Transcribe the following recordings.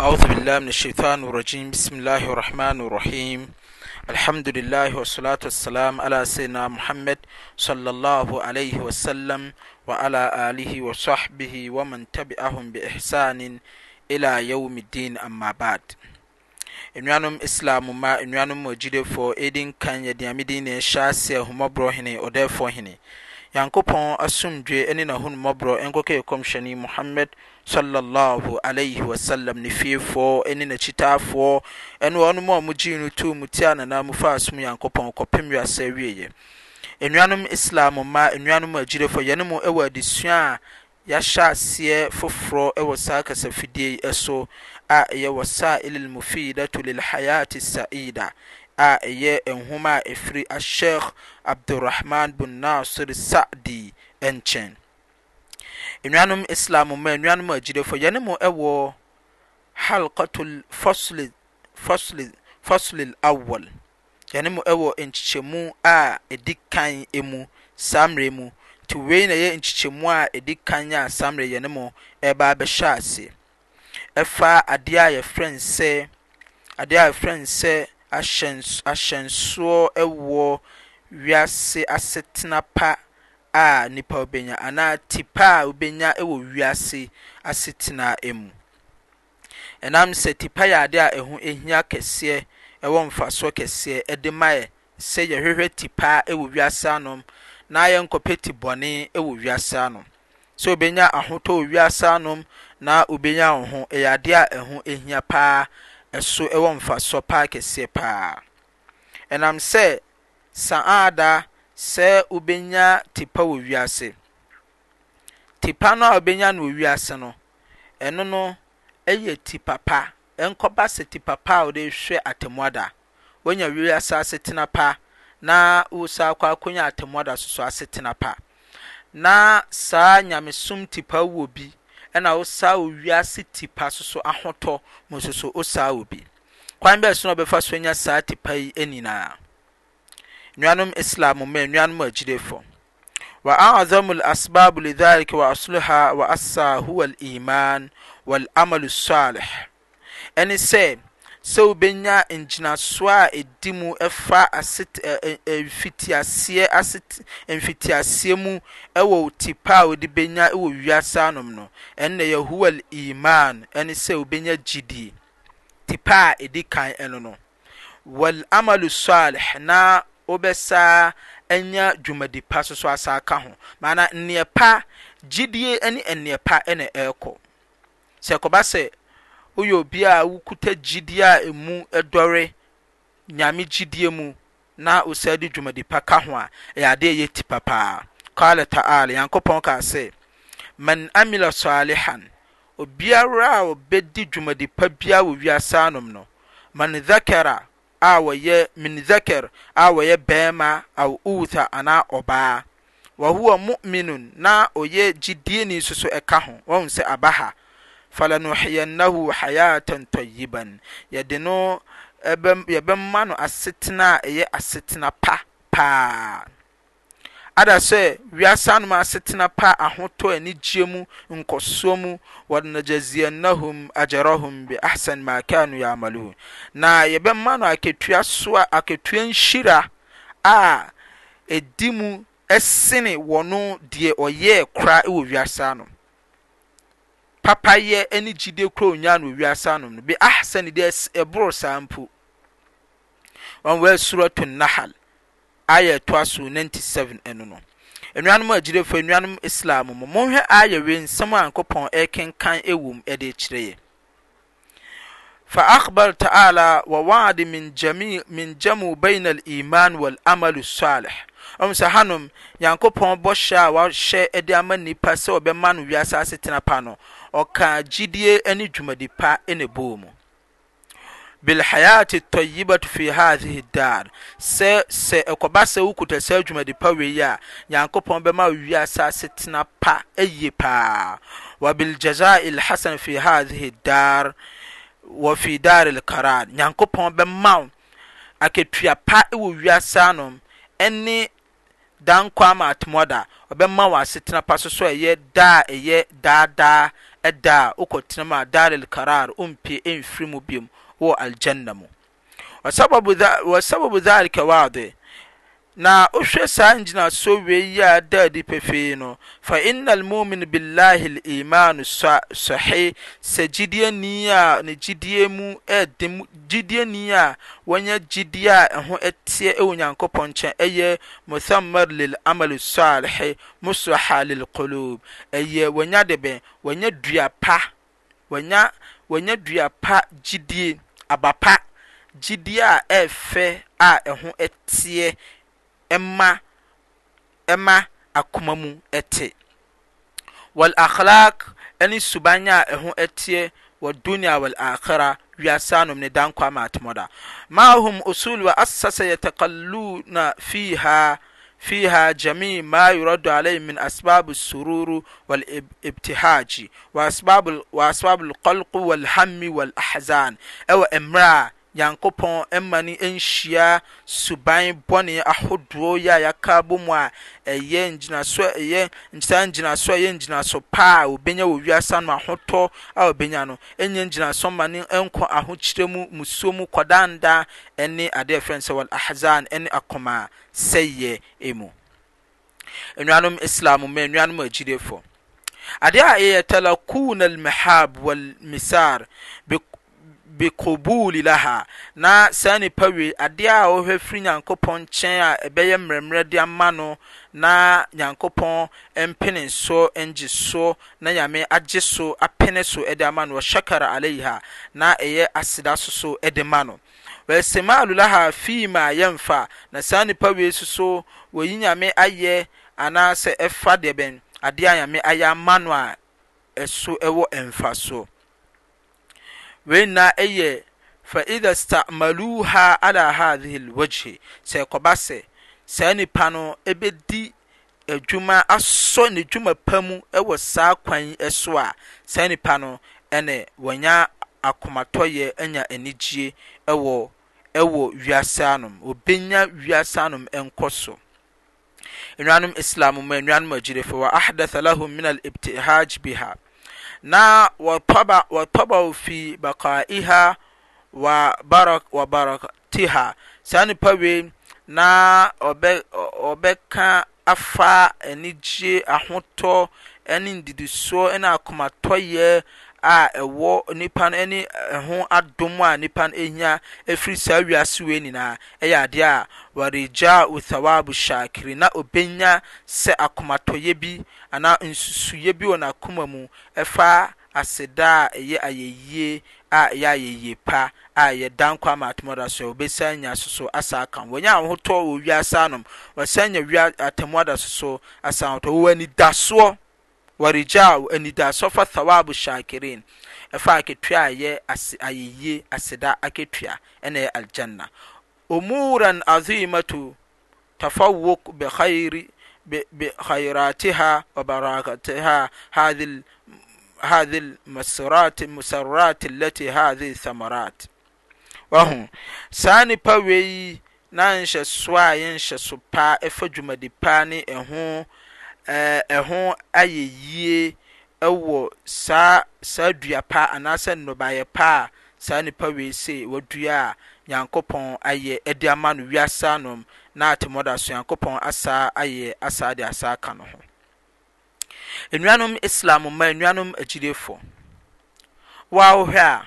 auz biلh min الhيطan الraجيm bismاللh الrhmani الrahim alhamduh wة ولسلam l syن mhamd ىال لي wسm wل wh wmanthm beاحsani lى ywmالdيn amabad eanum islamma eanmajifo edinkan yadamidine sas umrhini odefo hini nyankopɔn asomdwe ne n'ahummɔborɔ nkɔkɛ kɔmhyɛne muhammad sallallahu alaihi wasallam ne fiefoɔ ne n'akyitaafoɔ ɛne ɔnom a mogyee no too mu tia nanaa mu faa som nyankopɔn kɔpem wiasɛ wieɛ nnuanom islam ma nnuanom agyirefo yɛne mu ɛwɔ adesua a yɛahyɛ aseɛ foforɔ ɛwɔ saa kasafidie yi so a ɛyɛ wɔ saa ilil mufidatu lilhayati saida a ɛyɛ nhoma a ɛfiri asheikh abdurrahman bin nasir sa'di nkyɛn nnuanom islam ma nnuanom agyidefo yɛne mu ɛwɔ halqatul fasl fasl fasl awwal yɛne mu ɛwɔ nkyekyɛmu a ɛdi kan mu saa mmerɛ mu nti wei na yɛ nkyekyɛmu a ɛdi kan a saa mmerɛ yɛne mu ɛba abɛhyɛ ase ɛfa adeɛ a yɛfrɛ nsɛ adeɛ a yɛfrɛ nsɛ ahyɛns ahyɛnsoɔ wɔ wiase asetena pa a nipa benya anaa tipa a obenya wɔ wiase asetena mu ɛnam sɛ tipa yɛ adeɛ a ɛho hia kɛseɛ ɛwɔ mfasoɔ kɛseɛ de ma yɛ sɛ yɛhwehwɛ tipa pa wɔ wiase anom na yɛ te bɔne wɔ wiase anom sɛ obenya ahotɔ wɔ wiase anom na obenya wo ho ɛyɛ adeɛ a ɛho hia paa ɛso ɛwɔ mfasoɔ paa kɛseɛ paa ɛnam sɛ saa sɛ wobɛnya tipa wɔ wiase tipa no a wobɛnya no wɔ wiase no ɛno no ɛyɛ tipa pa ɛnkɔba sɛ tipa pa a wɔde hwɛ atemmuada wonya wiase tena pa na wosa akɔ akɔnya atemmuada soso tena pa na saa nyamesom tipa wɔ bi ɛna wo saa wo wia se tipa soso ahotɔ mu soso wo saa wo bi kwan bia so ne obɛfa so anya saa tipa yi anyinaa nnuanom islam ma nuanom agyirefo waazam alasbab ledhalik waasloha waasa howa liman waalamal saleh ɛne sɛ sɛ wobɛnya ngyinasoɔ a ɛdi mu ɛfa aefiieɛaemfitiaseɛ mu wɔ ti pa a wode benya ɛwɔ wiasaa nom no ɛnnɛ yɛhowa aliman ɛne sɛ wobɛnya gyidie ti pa a ɛdi kan ɛno no waalamalu ssaleh na wobɛsaa ɛnya dwumadi pa soso asaa ka ho maana nneɛ pa gyidie ne ɛnneɛ pa na ɛrɛkɔsɛbs woyɛ obi a wokuta gyidie a emu dɔre nyame gyidie mu na wosan de dwumadi pa ka ho a ɛyɛ adeɛ yɛ ti papaa kala ta'ala yankopɔn kaa sɛ man amila salihan obiara a ɔbɛdi dwumadi pa biara wɔ wiase anom no man zakara a wɔyɛ min zakar a wɔyɛ bɛrima a utha anaa ɔbaa wahuwa mu'minun na ɔyɛ gyidie ni nso so ɛka ho wɔn sɛ abaha falanuheannaho hayatan tyiban yɛde no yɛbɛma no asetena a ɛyɛ asetena pa paa ada sɛ wiasa nom asetena paa ahotɔ ani gye mu nkɔsoɔ mu wnayaziannahum agyarahum biahsan ma canu yaamaluhu na yɛbɛma no aktua soa akatua nhyira a ɛdi mu sene wɔ no deɛ ɔyɛɛ kora wɔ wiasa no papayɛ ɛne gyide kura onyaa na owiase anom no bi ahsan de ɛboro saa mpo wɔn wɔ to nahal ayɛ ɛtoa so ninety seven ɛno no nnuanom a gyire fo nnuanom islam mu monhwɛ ayɛ wei nsɛm a nkɔpɔn ɛkenkan ɛwom ɛde kyerɛ yɛ fa akhbar ta'ala wa wa'ad min jami min jamu bainal iman wal amalu salih shano nyankopɔn bɔ hyɛ awhyɛ de ama nipa sɛ ɔbɛma no wisase tena pa no ɔka gyidie ane dwumade pa neb mu bilhayati tyibat fi haih dar ɛɛ kas wo saa dwumade pa wei a nyankopɔn bɛma wiasase tena pa aye paa wabiljaza lhasan fi haih dar wɔ fi dar lkarad nyankopɔɛmaaktua pawɔan dan kwama ma ɔbɛma wɔ asetena pa so so ɛyɛ da a da daadaa ɛda a wokɔtena mu a daril karar ompie ɛmfiri mu wa sababu aljanna mu sababu dhalika waade na wo hwɛ saa ngyinaso wiei yia daadi pefei no fainna lmomen bilahi liman ssɔhe sɛ gyidieni a negiie mu de gidienii a wɔanya gyidie a ɛho teɛ wɔ nyankopɔn nkyɛn ɛyɛ muthammer lelamal ssalehe musaha lilkolob ɛyɛ wɔanya de bɛn wanya dua pa gyidie aba pa gyidie a ɛɛfɛ a ɛho teɛ ɛma ɛma akoma mu ɛte wɔl akhlaq ɛne subanya a ɛho ɛteɛ wɔ dunia wɔl akhira wiasa nom ne dan kwama atmɔda maahum usul wa asasa yatakaluna fiha فيها جميع ما يرد عليه من أسباب السرور والابتهاج وأسباب, وأسباب القلق والهم والأحزان أو إمرأة nyankopɔn ma ne nhyia suban bɔne ahodoɔ yɛ yɛka bɔ mu a ɛyɛ nina ngyinaso yɛ ngyinaso paa ɔbenya wɔ wiasa no ahotɔ aobenya no ɛnya ngyinaso ma ne nkɔ ahokyerɛ mu musuo mu kɔdandaa ɛne ade frɛ nsɛ wlahzan ɛne akɔmaa sɛyɛ mu nnuanom islamma nanom agidef ade a ɛyɛ talakuun lmihab wmisar bikobuli la haa na saan nnipa wiei adeɛ a ɔhwɛ firi nyankopɔn nkyɛn a ɛbɛyɛ mmerɛmerɛde ama no na nyankopɔn mpene soɔ ngye soɔ na nyame agye so apene so ɛde ama no wɔ shakara alaiha na ɛyɛ aseda soso de ma no simaalula haa fii m a yɛmfaa na saa nnipa wiei soso ɔyi nyame ayɛ anaasɛ ɛfa deɛ bɛn adeɛ a nyame ayɛ ama no a ɛso wɔ ɛmfasoɔ wei na ɛyɛ fa idha stamaluha ala hadhihi alwajhi sɛ kɔba sɛ saa nipa no ɛbɛdi adwuma e asɔ ne dwuma pa mu ɛwɔ e saa kwan ɛso a saa nipa no ɛnɛ wɔnya akomatɔyɛ anya e anigye ɛwɔ ɛwɔ wiase anom obenya wiase anom ɛnkɔ so nnuanom islam mu nnuanom agyirefo wa ahdatha lahum min al ibtihaj biha na wɔtɔbaw fi bakaiha wa barakatiha saa nnipa wei na ɔbɛka afa anigye ahotɔ ne ndidisoɔ ne akomatɔyɛ a ɛwɔ nipa no ne ɛho adom a nipa no ehia efiri saa wiase wei nyinaa ɛyɛ adeɛ a wɔregya othawabu shakiri na obenya sɛ akomatɔyɛ bi anaa nsusuyɛ bi wɔ n'akoma mu ɛfa aseda a ɛyɛ ayɛyie a ɛyɛ ayɛyie pa a ɛyɛ nkɔ ama atemɔda so wɔbɛsan nya soso asa aka wɔnyɛ ahotɔ wɔ wiase anom wɔsan nya wia atemɔda soso asa ahotɔ wɔwɔ anidasoɔ wareja anida sɔfa thawab shakirin ɛfa aketua ayɛ ayɛye asida aktua ɛnɛ aljanna umuran aimatu tafawok beayratiha wa barakatihhai musarat alaty hathi tsamarat h saa nipa weyi na nhyɛ soa yɛnhyɛ so pa ɛf dwumade pane h ɛho ayɛ yie wɔ saa dua pa anaasɛ nnɔbayɛ pa a saa nnipa wiei se woadua a nyankopɔn ayɛ adu ama no wiasaa nom na atemmɔda so nyankopɔn asaa ayɛ asaa deɛ asaa ka no ho nnuanom islam maa nnuanom agyidiefo wo aho hwɛ a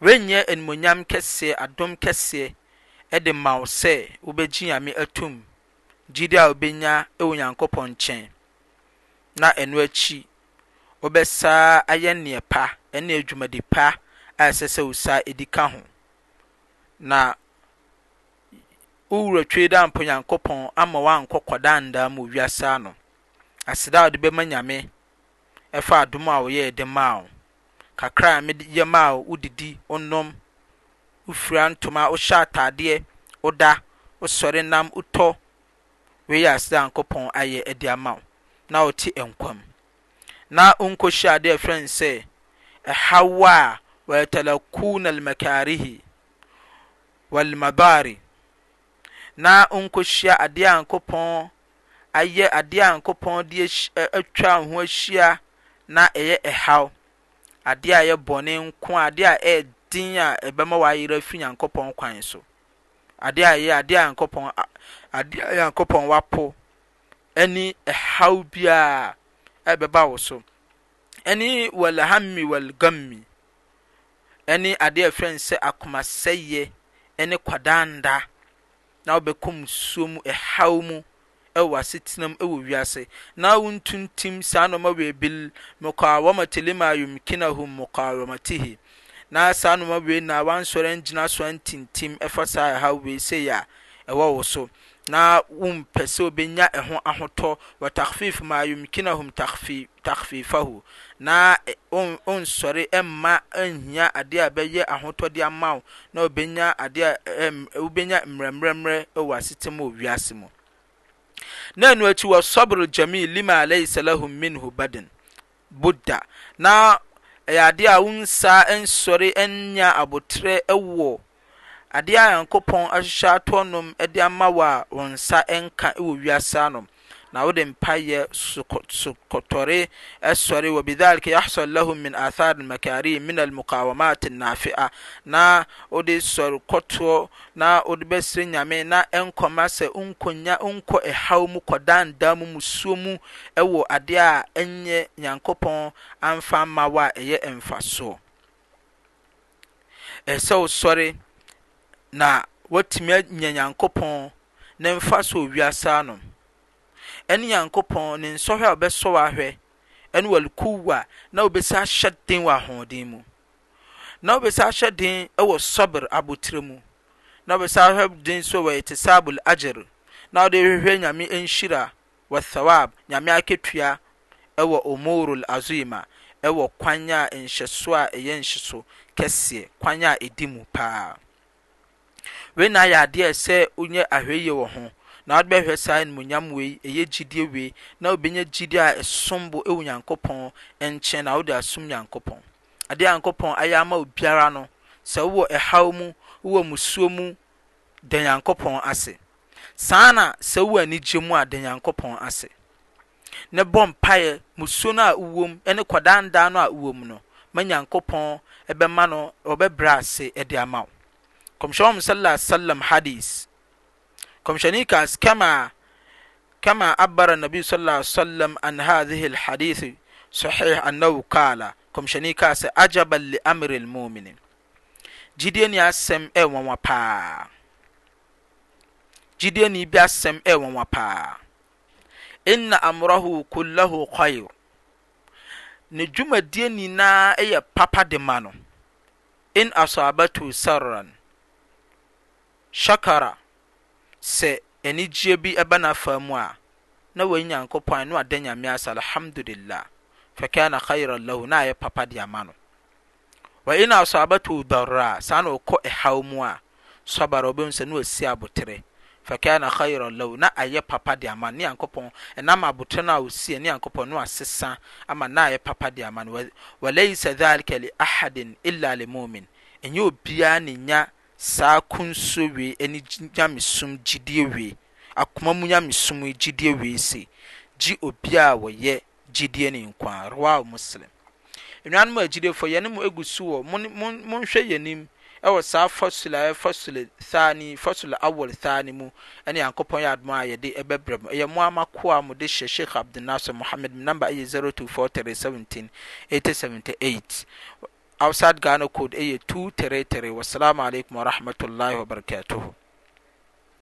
wennyɛ animunyam kɛseɛ adom kɛseɛ de mma wo sɛ wobɛgye name atum gyidi a obenya wɔ nyankopɔn nkyɛn na ɛno akyi wɔbɛsaa ayɛ nneɛ pa ne adwumadi pa a ɛsɛ sɛ wosaa ɛdi ka ho na wowura twe da mpo nyankopɔn ama woankɔ kɔdandaa ma owiasa ano aseda a wɔde bɛma nyame ɛfa adom a wɔyɛ de maa wo kakra a mede yɛ maa wo wodidi wonom wofira ntoma wohyɛ ataadeɛ woda wosɔre nam wotɔ wei ase a ankopɔn ayɛ de ama wo na ɔte nkwam na nkɔhyɛ adeɛ frɛ n sɛ ɛhaw a wɔyɛtalakuna almakarihi walmabari na nkɔhyia adeɛ ankopɔn ayɛ adeɛ ankopɔn de atwa ho ahyia na ɛyɛ ɛhaw adeɛ a ɛyɛ bɔne nko adeɛ a ɛyɛ din a ɛbɛma wɔayera firi nyankopɔn kwan so adeɛ a ɛyɛ adeɛ a nkopɔn adeɛ a nyankopɔn wapo ɛne ɛhaw bi a ɛbɛba wo so ɛne walhammi walgammi ɛne adeɛ a ɛfrɛ sɛ akomasɛyɛ ɛne kwadanda na wobɛkɔ nsuo mu ɛhaw mu ɛwɔ asetena mu ɛwɔ wiase na wo ntuntim saa nɔma wei bil mukawamati lima na saa nɔma wei na wansɔre ngyina so antintim ɛfa saa ɛhaw wei sei a ɛwɔ wo so na wompɛ sɛ obenya ɛho ahotɔ wa takfif ma umkinahum takfifaho na ɔnsɔre e, mma nhia adeɛ a bɛyɛ ahotɔde amawo na wobenya mmerɛmerɛmerɛ wɔ asetam ɔ wiase mu ne ɛno aki wɔ sabere jamil lima alayisalahum minho baden budda na yɛadeɛ a wonsa ɛnsɔre nya abotrɛ ɛwɔ adeɛ a nyankopɔn ayehyɛ atoɔnom de ama w a wɔnsa ɛnka ɛwɔ wiasa no na wode mpa yɛ sokɔtɔre sɔre wa bidhalik yahsɔl lahum min athar almacarim min almukawamat annafia na wode sɔrekɔtɔ na wode bɛsrɛ nyame na ɛnkɔma sɛ nkya nkɔ ɛhaw mu kɔdanda mu mu suo mu ɛwɔ adeɛ a ɛnyɛ nyankopɔn amfa ama w a ɛyɛ mfasoɔ na watumi anya nyankopɔn ne mfa so wiase ano ɛne nyankopɔn ne nsɔhwɛ a ɔbɛsɔ wɔ ahwɛ ɛne wɔlkuwa na wobɛsi ahyɛ den wɔ ahoɔden mu na wobɛsi ahyɛ den wɔ sɔber abotire mu na wobɛsi ahyɛ den so wɔ ɛtisabul agyer na ɔde hwehwɛ nyame nhyira wɔ thawab nyame aketua ɛwɔ omorul azuima ɛwɔ kwan a nhyɛso a ɛyɛ nhyɛso kɛseɛ kwan a ɛdi mu paa wei na ayɛ adeɛ sɛ wonyɛ yie wɔ ho na wode bɛhwɛ saa animonyam wei ɛyɛ gyidie wei na wobɛnya gyidie a ɛsom bo ɛwɔ nyankopɔn nkyɛn na wode asom nyankopɔn a nyankopɔn ayɛ ama obiara no sɛ wowɔ ɛhaw mu wowɔ musuo mu da nyankopɔn ase saa na sɛ wowɔ anigye mu a da nyankopɔn ase ne bɔ mpaeɛ musuo no a wowɔ mu ne kɔdandaa no a wowɔ no ma nyankopɔn ɛbɛma no ɔbɛbrɛ ase ɛde ama wo كمشوم صلى الله عليه وسلم حديث كمشانيك كما كما عبر النبي صلى الله عليه وسلم عن هذه الحديث صحيح أنه قال كمشانيك أجبا لأمر المؤمن جديني سم أي ومبا جديني سم أي ومبا إن أمره كله خير نجوم ديني نا أي بابا دمانو إن أصابته سرًا shakara sɛ anigyeɛ bi ɛba n'afa mu a na wɔn nyankopɔn a no ada nyame asa alhamdulillah fakana khairan lahu na ayɛ papa de ama no wa ina asabatu darra saa na ɔkɔ ɛhaw mu a sabara ɔbɛhu sɛ na wasi abotere fakana khairan lahu na ayɛ papa de ama ne yankopɔn ɛnam abotere no a ne yankopɔn no asesa ama na ayɛ papa de ama no walaisa dhalika li ahadin illa limumin ɛnyɛ obiara ne nya saa akunsuo wei ne nyamesom gyidie wei akoma mu nyamesom gyidie wei se gye obiara a wɔyɛ gyidie ne nkwa rawa muslim nnuanom a gyidiefoɔ yɛne mu egu so wɔ monhwɛ yɛnim ɛwɔ saa fɔsil a fɔsil thaani fɔsil awɔl thaani mu ɛne yankɔpɔn yɛ adoma a yɛde ɛbɛbrɛ mu ɛyɛ mu amakoa a mo de hyɛ sheikh abdulnasir muhammed namba ɛyɛ zero two four three seventeen eighty seventy eight outside ghana code ɛyɛ 233 wassalamu alaikum warahmatullahi wabarakatuhu